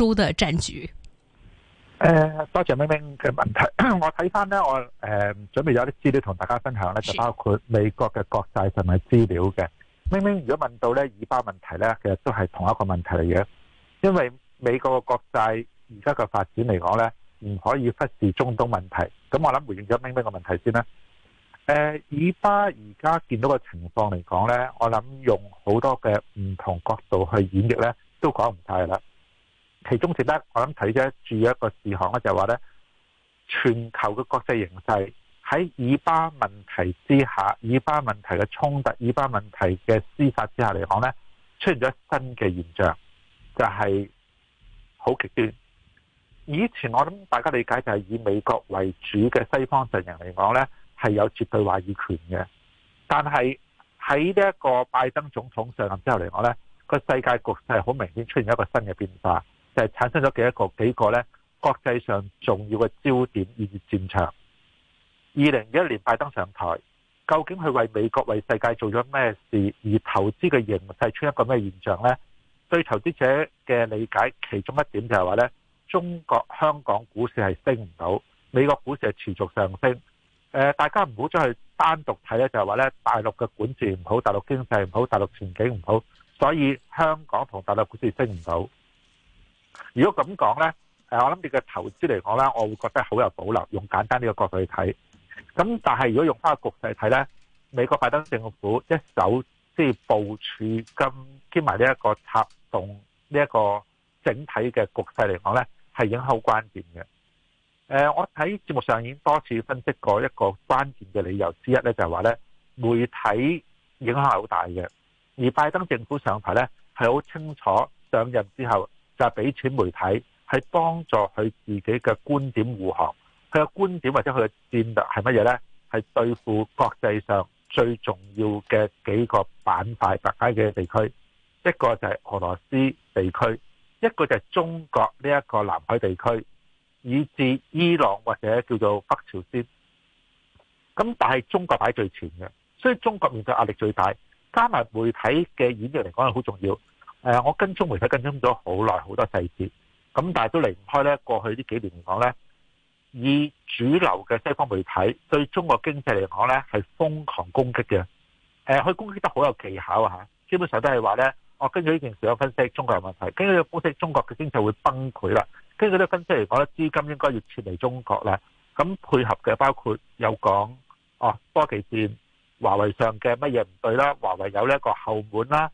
洲的戰局。誒，多謝明明嘅問題。我睇翻呢，我誒準備有啲資料同大家分享呢，就包括美國嘅國債同埋資料嘅。明明如果問到呢，以巴問題呢，其實都係同一個問題嚟嘅。因為美國嘅國債而家嘅發展嚟講呢，唔可以忽視中東問題。咁我諗回應咗明明個問題先啦。誒，以巴而家見到嘅情況嚟講呢，我諗用好多嘅唔同角度去演繹呢，都講唔晒啦。其中值得我諗睇咗注意一個事項咧，就係話咧，全球嘅國際形勢喺以巴問題之下、以巴問題嘅衝突、以巴問題嘅廝殺之下嚟講咧，出現咗新嘅現象，就係好極端。以前我諗大家理解就係以美國為主嘅西方陣營嚟講咧，係有絕對話語權嘅。但係喺呢一個拜登總統上任之後嚟講咧，個世界局勢好明顯出現了一個新嘅變化。就係、是、產生咗幾一個幾個咧，國際上重要嘅焦點以至戰場。二零二一年拜登上台，究竟佢為美國為世界做咗咩事？而投資嘅形勢出現一個咩現象呢？對投資者嘅理解其中一點就係話呢中國香港股市係升唔到，美國股市係持續上升。誒，大家唔好再去單獨睇咧，就係話呢大陸嘅管治唔好，大陸經濟唔好，大陸前景唔好，所以香港同大陸股市升唔到。如果咁講呢，我諗你嘅投資嚟講呢，我會覺得好有保留。用簡單呢個角度去睇，咁但係如果用翻個局勢睇呢，美國拜登政府一手即係、就是、部署，金，兼埋呢一個插動，呢一個整體嘅局勢嚟講呢，係影響好關鍵嘅、呃。我喺節目上已經多次分析過一個關鍵嘅理由之一呢，就係、是、話呢媒體影響係好大嘅，而拜登政府上台呢，係好清楚上任之後。就係俾錢媒體，係幫助佢自己嘅觀點護航。佢嘅觀點或者佢嘅戰略係乜嘢呢？係對付國際上最重要嘅幾個板塊，特家嘅地區，一個就係俄羅斯地區，一個就係中國呢一個南海地區，以至伊朗或者叫做北朝鮮。咁但係中國擺最前嘅，所以中國面對壓力最大，加埋媒體嘅演繹嚟講係好重要。誒，我跟蹤媒體跟蹤咗好耐好多細節，咁但係都離唔開咧。過去呢幾年嚟講咧，以主流嘅西方媒體對中國經濟嚟講咧係瘋狂攻擊嘅。誒，佢攻擊得好有技巧啊吓，基本上都係話咧，我跟住呢件事有分析，中國有問題。根據啲分析，中國嘅經濟會崩潰啦。根據啲分析嚟講咧，資金應該要撤離中國啦。咁配合嘅包括有講哦，科技戰、華為上嘅乜嘢唔對啦，華為有一個後門啦。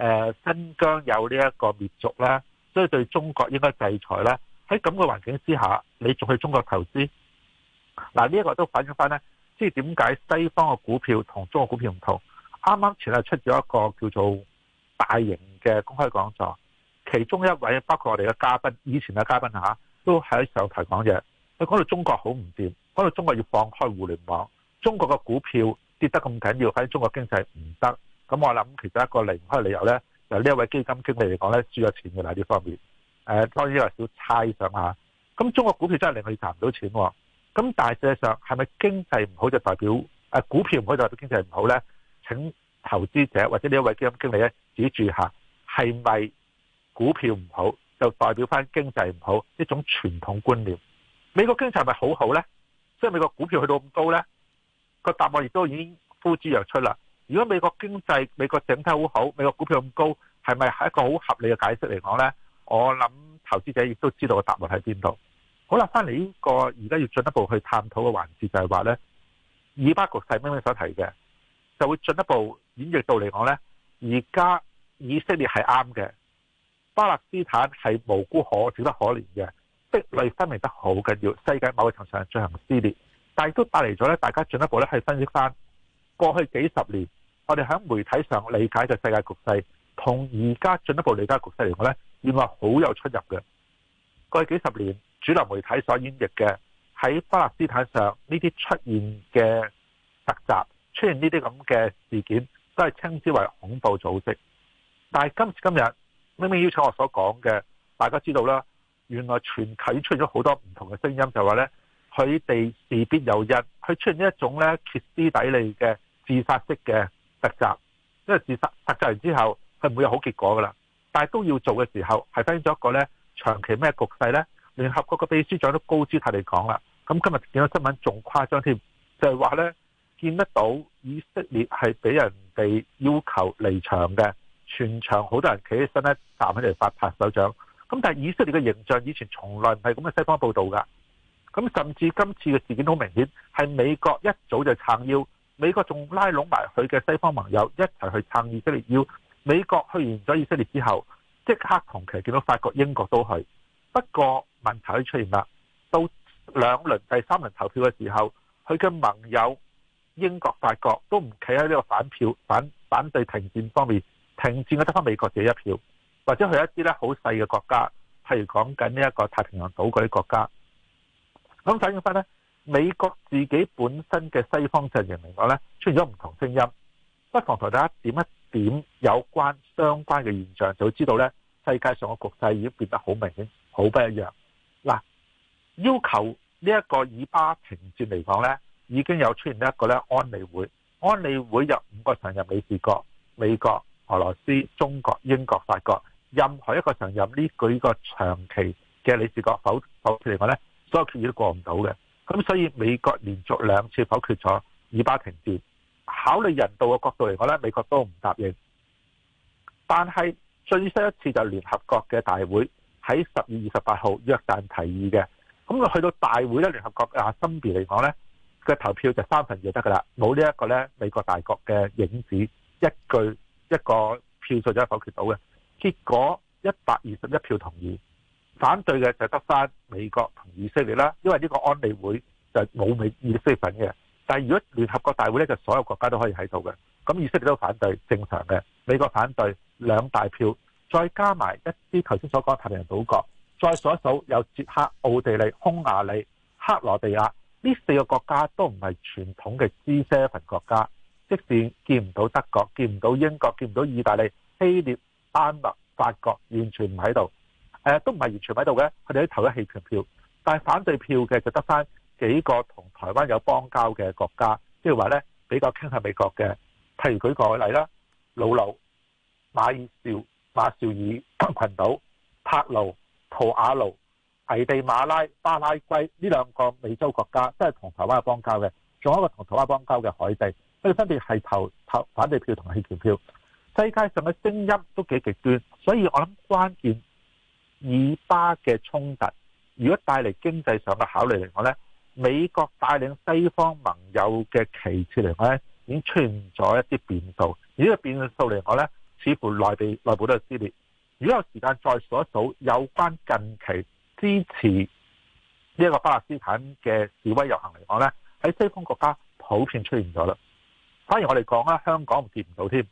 誒，新疆有呢一個滅族咧，所以對中國應該制裁咧。喺咁嘅環境之下，你仲去中國投資？嗱，呢一個都反映翻咧，即係點解西方嘅股票同中國股票唔同？啱啱前日出咗一個叫做大型嘅公開講座，其中一位包括我哋嘅嘉賓，以前嘅嘉賓吓，都喺上台講嘢，佢講到中國好唔掂，講到中國要放開互聯網，中國嘅股票跌得咁緊要，反正中國經濟唔得。咁我諗，其實一個離唔開理由呢，就呢一位基金經理嚟講呢，輸咗錢嘅啦呢方面。誒，當然係少猜想下，咁中國股票真係令佢賺唔到錢。咁但係事實上，係咪經濟唔好就代表誒、啊、股票唔好就代表經濟唔好呢？請投資者或者呢一位基金經理呢指住下係咪股票唔好就代表翻經濟唔好呢種傳統觀念？美國經濟係咪好好呢？即係美國股票去到咁高呢，個答案亦都已經呼之欲出啦。如果美國經濟美國整體好好，美國股票咁高，係咪係一個好合理嘅解釋嚟講呢？我諗投資者亦都知道個答案喺邊度。好啦，翻嚟呢個而家要進一步去探討嘅環節就係話呢：以巴局勢咩咩所提嘅，就會進一步演繹到嚟講呢，而家以色列係啱嘅，巴勒斯坦係無辜可恕得可憐嘅，敵類分明得好緊要，世界某個層層進行撕裂，但係都帶嚟咗呢大家進一步呢去分析翻過去幾十年。我哋喺媒體上理解嘅世界局勢，同而家進一步理解局勢嚟講呢，原來好有出入嘅。過去幾十年，主流媒體所演繹嘅喺巴勒斯坦上呢啲出現嘅突襲、出現呢啲咁嘅事件，都係稱之為恐怖組織。但係今今日，明明邀請我所講嘅，大家知道啦，原來全球出現咗好多唔同嘅聲音，就話呢，佢哋事必有因，佢出現一種呢歇斯底里嘅自殺式嘅。實習，因為自殺實習完之後，係唔會有好結果噶啦。但係都要做嘅時候，係發現咗一個咧長期咩局勢咧？聯合國嘅秘書長都高姿態嚟講啦。咁今日見到新聞仲誇張添，就係話咧見得到以色列係俾人哋要求離場嘅，全場好多人企起身咧，站起嚟發拍手掌。咁但係以色列嘅形象以前從來唔係咁嘅西方報道噶。咁甚至今次嘅事件好明顯，係美國一早就撐腰。美國仲拉攏埋佢嘅西方盟友一齊去撐以色列。要美國去完咗以色列之後，即刻同期見到法國、英國都去。不過問題出現啦。到兩輪、第三輪投票嘅時候，佢嘅盟友英國、法國都唔企喺呢個反票反反對停戰方面。停戰嘅得翻美國自己一票，或者去一啲咧好細嘅國家，譬如講緊呢一個太平洋島嗰啲國家。咁反映翻呢。美國自己本身嘅西方陣營嚟講呢，出現咗唔同聲音，不妨同大家點一點有關相關嘅現象，就會知道呢世界上嘅局勢已經變得好明顯，好不一樣。嗱，要求呢一個以巴停戰嚟講呢已經有出現一個安理會，安理會有五個常任理事國：美國、俄羅斯、中國、英國、法國，任何一個常任呢幾個長期嘅理事國否否決嚟講呢所有決議都過唔到嘅。咁所以美國連續兩次否決咗以巴停戰，考慮人道嘅角度嚟講咧，美國都唔答應。但係最新一次就係聯合國嘅大會喺十二月十八號約旦提議嘅，咁佢去到大會咧，聯合國阿森比嚟講咧嘅投票就三分就得噶啦，冇呢一個咧美國大國嘅影子，一句一個票數就否決到嘅，結果一百二十一票同意。反對嘅就得返美國同以色列啦，因為呢個安理會就冇美以色列份嘅。但係如果聯合國大會呢，就所有國家都可以喺度嘅。咁以色列都反對，正常嘅。美國反對，兩大票，再加埋一啲頭先所講嘅太平洋島國，再數一數有捷克、奧地利、匈牙利、克羅地亞呢四個國家都唔係傳統嘅 G7 國家，即使見唔到德國、見唔到英國、見唔到意大利、希臘、丹麥、法國，完全唔喺度。誒、呃、都唔係完全喺度嘅，佢哋都投咗棄權票，但係反對票嘅就得翻幾個同台灣有邦交嘅國家，即係話呢比較傾向美國嘅。譬如舉個例啦，老紐馬爾、馬紹爾群島、帕魯、圖瓦魯、危地馬拉、巴拉圭呢兩個美洲國家都係同台灣有邦交嘅，仲有一個同台灣邦交嘅海地，佢哋分別係投投反對票同棄權票。世界上嘅聲音都幾極端，所以我諗關鍵。以巴嘅衝突，如果帶嚟經濟上嘅考慮嚟講呢，美國帶領西方盟友嘅旗幟嚟講呢，已經出現咗一啲變數。而呢個變數嚟講呢，似乎內地內部都有撕裂。如果有時間再數一數，有關近期支持呢個巴勒斯坦嘅示威遊行嚟講呢，喺西方國家普遍出現咗啦。反而我哋講啦，香港唔見唔到添。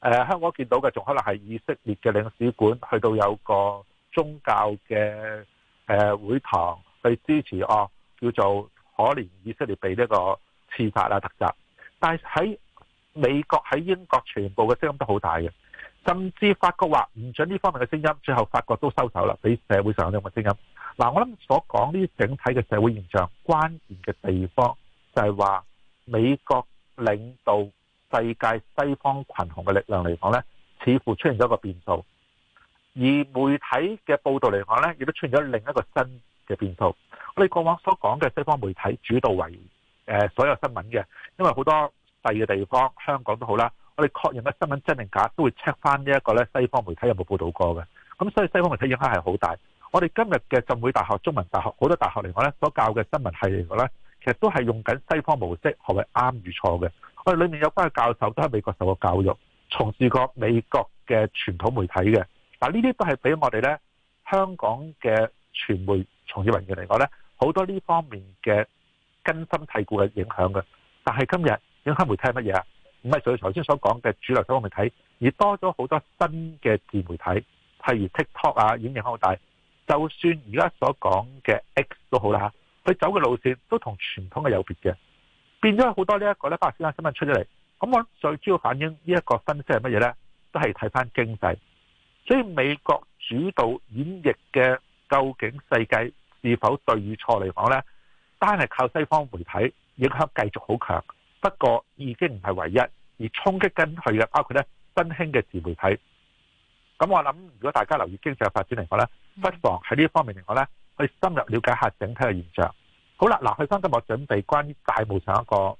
呃，香港見到嘅仲可能係以色列嘅領事館，去到有個，宗教嘅誒會堂去支持哦，叫做可憐以色列被呢個刺殺啦、啊。突襲，但係喺美國、喺英國全部嘅聲音都好大嘅，甚至法國話唔准呢方面嘅聲音，最後法國都收手啦，俾社會上呢個聲音。嗱，我諗所講呢整體嘅社會現象，關鍵嘅地方就係話美國領導世界西方群雄嘅力量嚟講呢，似乎出現咗一個變數。而媒體嘅報道嚟講呢，亦都出現咗另一個新嘅變數。我哋過往所講嘅西方媒體主導為、呃、所有新聞嘅，因為好多細嘅地方，香港都好啦。我哋確認嘅新聞真定假，都會 check 翻呢一個呢西方媒體有冇報道過嘅。咁所以西方媒體影響係好大。我哋今日嘅浸會大學、中文大學好多大學嚟講呢，所教嘅新聞系嚟講呢，其實都係用緊西方模式，何謂啱與錯嘅？我哋裏面有關嘅教授都喺美國受過教育，從事過美國嘅傳統媒體嘅。嗱，呢啲都係俾我哋咧香港嘅傳媒從業人員嚟講咧，好多呢方面嘅根深蒂固嘅影響嘅。但係今日影響媒體係乜嘢啊？唔係就係頭先所講嘅主流新聞體，而多咗好多新嘅自媒體，譬如 TikTok 啊，影影響好大。就算而家所講嘅 X 都好啦，嚇佢走嘅路線都同傳統嘅有別嘅，變咗好多這呢。呢一個咧，巴日先單新聞出咗嚟，咁我最主要反映呢一個分析係乜嘢咧？都係睇翻經濟。所以美國主導演繹嘅究竟世界是否對與錯嚟講呢單係靠西方媒體影響繼續好強，不過已經唔係唯一，而衝擊緊佢嘅包括呢新興嘅自媒體。咁我諗，如果大家留意經濟發展嚟講呢不妨喺呢方面嚟講呢去深入了解下整體嘅現象。好啦，嗱，許生今日準備關於大幕上一個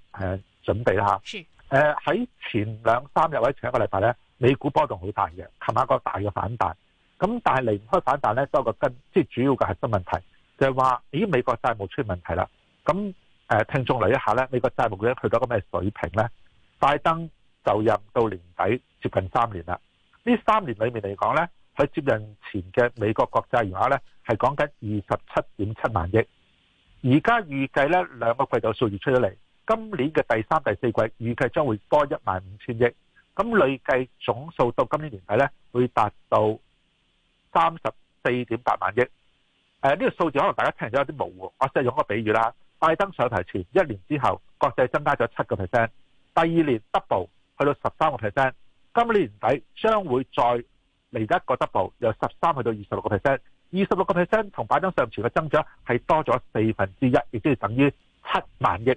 準備啦喺前兩三日或者前一個禮拜呢。美股波動好大嘅，琴晚個大嘅反彈，咁但係離唔開反彈都多個根，即係主要嘅核心問題，就係、是、話咦美國債務出問題啦，咁聽眾嚟一下呢，美國債務會去到個咩水平呢？拜登就任到年底接近三年啦，呢三年裏面嚟講呢，佢接任前嘅美國國債餘額呢係講緊二十七點七萬億，而家預計呢兩個季度數字出咗嚟，今年嘅第三第四季預計將會多一萬五千億。咁累計總數到今年年底咧，會達到三十四點八萬億。誒、呃，呢、呢個數字可能大家聽咗有啲模糊，我先用一個比喻啦。拜登上台前一年之後，國際增加咗七個 percent，第二年 double 去到十三個 percent，今年年底將會再嚟得一個 double，由十三去到二十六個 percent。二十六個 percent 同拜登上台嘅增長係多咗四分之一，亦都係等於七萬億。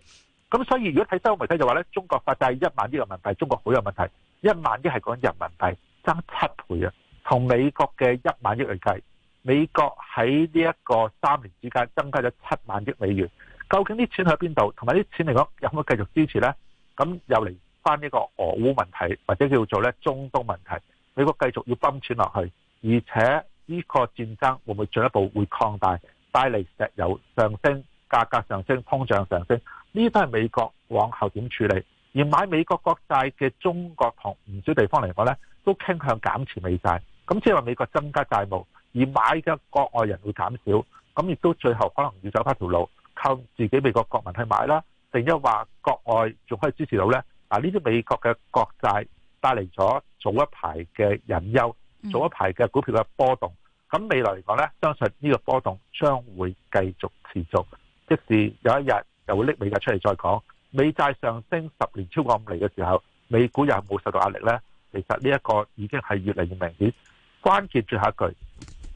咁所以如果睇西方媒體就話咧，中國發債一萬億嘅問題，中國好有問題。一萬億係講人民幣，增七倍啊！同美國嘅一萬億嚟計，美國喺呢一個三年之間增加咗七萬億美元。究竟啲錢喺邊度？同埋啲錢嚟講，有冇繼續支持呢？咁又嚟翻呢個俄烏問題，或者叫做咧中東問題，美國繼續要崩錢落去，而且呢個戰爭會唔會進一步會擴大，帶嚟石油上升、價格上升、通脹上升？呢啲都係美國往後點處理？而買美國國債嘅中國同唔少地方嚟講呢，都傾向減持美債。咁即係話美國增加債務，而買嘅國外人會減少。咁亦都最後可能要走翻條路，靠自己美國國民去買啦。定一話國外仲可以支持到呢。嗱，呢啲美國嘅國債帶嚟咗早一排嘅隱憂，早一排嘅股票嘅波動。咁未來嚟講呢，相信呢個波動將會繼續持續。即使有一日又會拎美國出嚟再講。美債上升十年超過五厘嘅時候，美股又冇受到壓力呢？其實呢一個已經係越嚟越明顯。關鍵最後一句，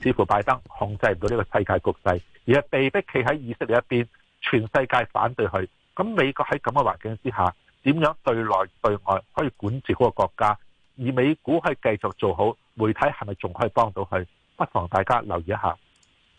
似乎拜登控制唔到呢個世界局勢，而係被迫企喺以色列一邊，全世界反對佢。咁美國喺咁嘅環境之下，點樣對內對外可以管治好嗰個國家？而美股可以繼續做好，媒體係咪仲可以幫到佢？不妨大家留意一下。